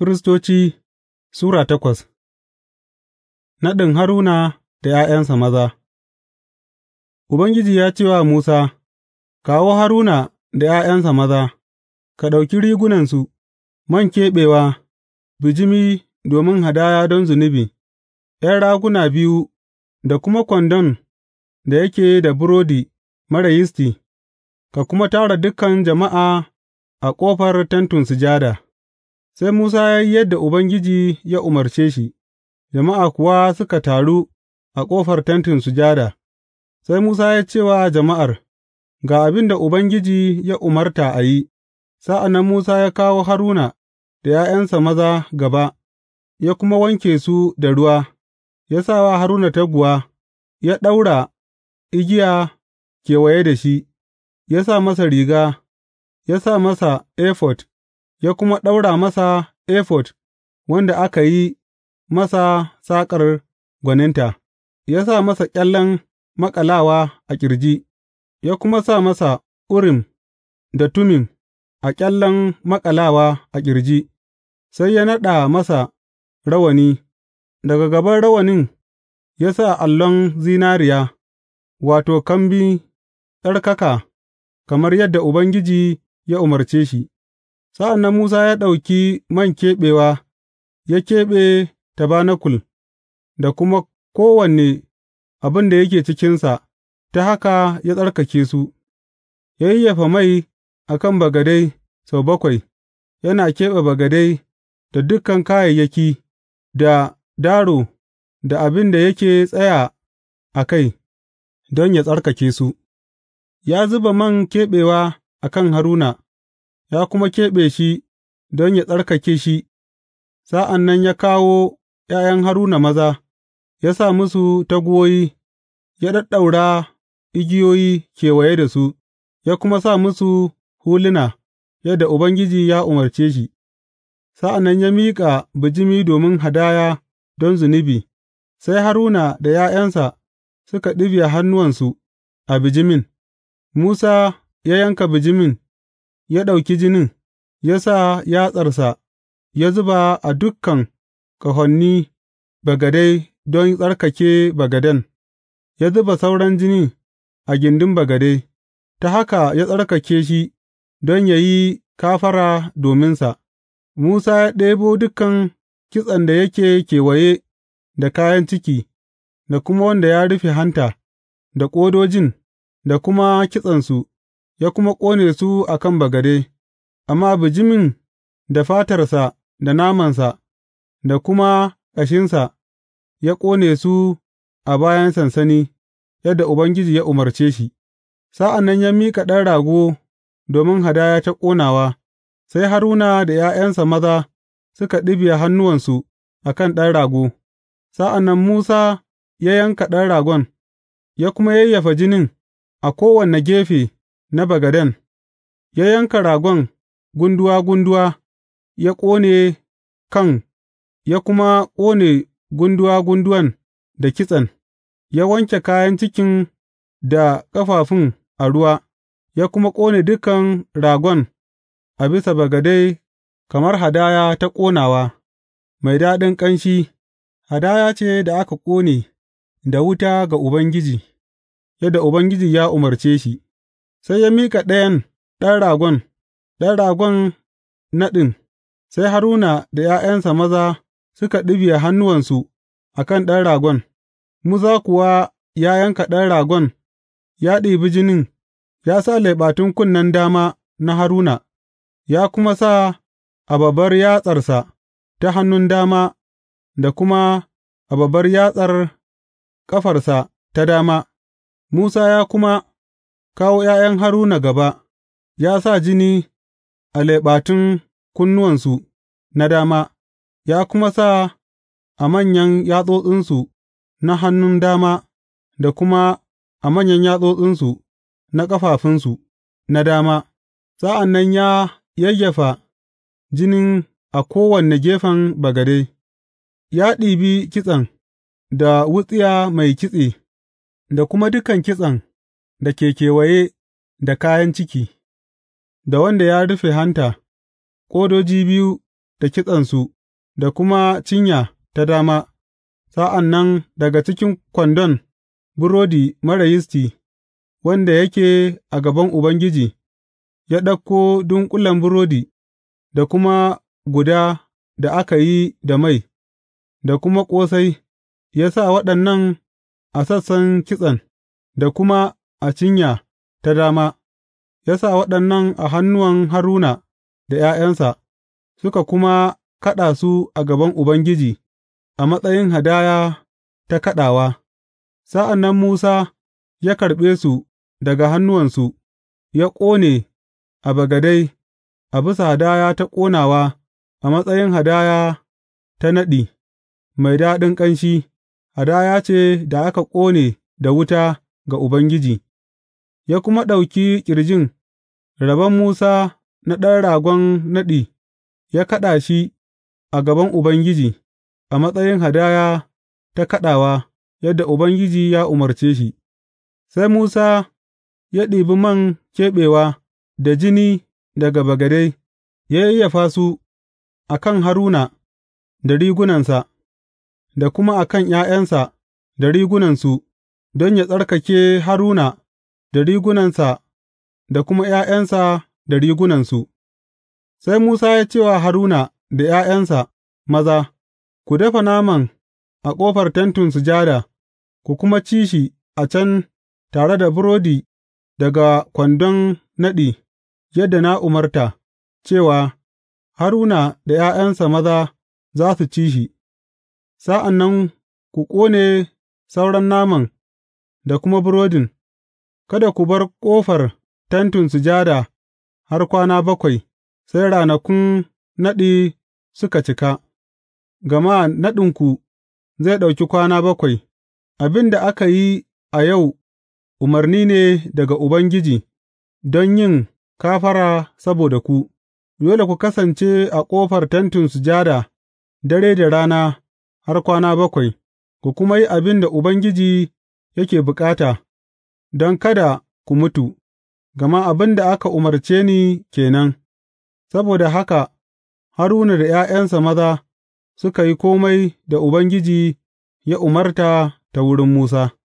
Firistoci Sura takwas Naɗin Haruna da ’ya'yansa maza Ubangiji ya ce wa Musa, Kawo Haruna da ’ya'yansa maza, ka ɗauki rigunansu, man keɓewa, bijimi domin hadaya don zunubi, ’yan raguna biyu da kuma kwandon da yake da burodi mara yisti, ka kuma tara dukan jama'a a ƙofar Tentin Sujada. Sai Musa ya yi yadda Ubangiji ya umarce shi, jama'a kuwa suka taru a ƙofar Tentin Sujada, sai Musa ya ce wa jama'ar, Ga abin da Ubangiji ya umarta a yi, sa'an nan Musa ya kawo Haruna da ’ya'yansa maza gaba, ya kuma wanke su da ruwa, ya sa wa Haruna taguwa, ya ɗaura igiya kewaye da shi, ya sa masa riga, ya sa masa efod ya kuma ɗaura masa efod wanda aka yi masa saƙar gwaninta, ya sa masa ƙyallen maƙalawa a ƙirji, ya kuma sa masa Urim da Tumim a ƙyallen maƙalawa a ƙirji, sai ya naɗa masa rawani, daga gaban rawanin ya sa allon zinariya, wato, kambi tsarkaka kamar yadda Ubangiji ya umarce shi. Sa'an nan Musa ya ɗauki man keɓewa ya keɓe tabanakul da kuma kowane abin da yake cikinsa, ta haka ya tsarkake su, ya yayyafa mai a kan bagade sau bakwai, yana keɓe bagade da dukan kayayyaki, da daro da abin da yake tsaya a kai, don ya tsarkake su, ya zuba man keɓewa a kan Haruna. ya kuma keɓe shi don yă tsarkake shi, sa'an nan ya kawo ’ya'yan Haruna maza, ya sa musu taguwoyi, ya ɗaɗɗaura igiyoyi kewaye da su, ya kuma sa musu huluna yadda Ubangiji ya umarce shi, sa'an nan ya miƙa bijimi domin hadaya don zunubi, sai Haruna da ’ya'yansa suka ɗibiya hannuwansu a bijimin, Musa ya yanka bijimin. ya ɗauki jinin, ya sa yatsarsa ya zuba a dukan ƙahoni bagade don tsarkake bagaden, ya zuba sauran jini a gindin bagade, ta haka ya tsarkake shi don yă yi kafara dominsa. Musa ya ɗebo dukan kitsen da yake kewaye da kayan ciki, da kuma wanda ya rufe hanta, da ƙodojin, da kuma kitsensu, ya kuma ƙone su a kan bagade, amma bijimin da fatarsa da namansa, da kuma ƙashinsa, ya ƙone su a bayan sansani, yadda Ubangiji ya umarce shi, sa'an nan ya miƙa ɗan rago domin hadaya ta ƙonawa, sai Haruna da ’ya'yansa maza suka ɗibiya hannuwansu a kan ɗan rago, sa'an nan Musa ya yanka ɗan ragon, ya kuma yayyafa jinin a kowane gefe na bagaden, ya yanka ragon gunduwa gunduwa ya ƙone kan ya kuma ƙone gunduwa gunduwan da kitsen, ya wanke kayan cikin da ƙafafun a ruwa, ya kuma ƙone dukan ragon a bisa bagade kamar hadaya ta ƙonawa, mai daɗin ƙanshi, hadaya ce da aka ƙone da wuta ga Ubangiji, yadda Ubangiji ya umarce shi. Sai ya miƙa ɗayan ɗan ragon, ɗan ragon naɗin, sai Haruna da ’ya'yansa maza suka ɗibiya hannuwansu a kan ɗan ragon, Musa kuwa ya yanka ɗan ragon, ya ɗibi jinin, ya sa leɓatun kunnen dama na Haruna, ya kuma sa a babbar yatsarsa ta hannun dama da kuma a babbar yatsar ƙafarsa ta dama, Musa ya kuma Kawo ’ya'yan Haruna gaba, ya sa jini a leɓatun kunnuwansu na dama, ya kuma sa a manyan yatsotsinsu na hannun dama da kuma a manyan yatsotsinsu na ƙafafunsu na dama, sa'an nan ya yayyafa jinin a kowane gefen bagade, ya ɗibi kitsen da wutsiya mai kitse da kuma dukan kitsen. da ke kewaye da kayan ciki, da wanda ya rufe hanta, ƙodoji biyu da kitsensu, da kuma cinya ta dama, sa'an nan daga cikin kwandon burodi mara yisti wanda yake a gaban Ubangiji, ya ɗauko dunƙulen burodi da kuma guda da aka yi da mai, da kuma ƙosai, ya sa waɗannan a sassan kitsen, da kuma a cinya ta dama, ya sa waɗannan a hannuwan Haruna da ’ya'yansa, suka kuma kaɗa su a gaban Ubangiji a matsayin hadaya ta kaɗawa, sa'an nan Musa ya karɓe su daga hannuwansu, ya ƙone a Bagadai a bisa hadaya ta ƙonawa a matsayin hadaya ta naɗi, mai daɗin ƙanshi, hadaya ce da aka ƙone da wuta ga Ubangiji. ya kuma ɗauki ƙirjin rabon Musa na ɗan ragon naɗi, ya kaɗa shi a gaban Ubangiji a matsayin hadaya ta kaɗawa, yadda Ubangiji ya umarce shi, sai Musa ya ɗibi man keɓewa da jini daga bagade, ya yayyafa su a kan Haruna da rigunansa, da kuma a kan ’ya'yansa da rigunansu, don yă tsarkake Haruna. da rigunansa da kuma ’ya'yansa da rigunansu, sai Musa ya ce wa Haruna da ’ya'yansa maza, Ku dafa naman a ƙofar Tentin Sujada, ku kuma ci shi a can tare da burodi daga kwandon naɗi, yadda na umarta, cewa Haruna da ’ya'yansa maza za su ci shi, sa'an nan ku ƙone sauran naman da kuma burodin. Kada ku bar ƙofar Tentin Sujada har kwana bakwai, sai ranakun naɗi suka cika, gama naɗinku zai ɗauki kwana bakwai, abin da aka yi a yau umarni ne daga Ubangiji don yin kafara saboda ku, dole ku kasance a ƙofar Tentin Sujada dare da rana har kwana bakwai, ku kuma yi abin da Ubangiji yake bukata. don kada ku mutu, gama abin da aka umarce ni ke nan, saboda haka Haruna da ’ya'yansa maza suka yi kome da Ubangiji ya umarta ta wurin Musa.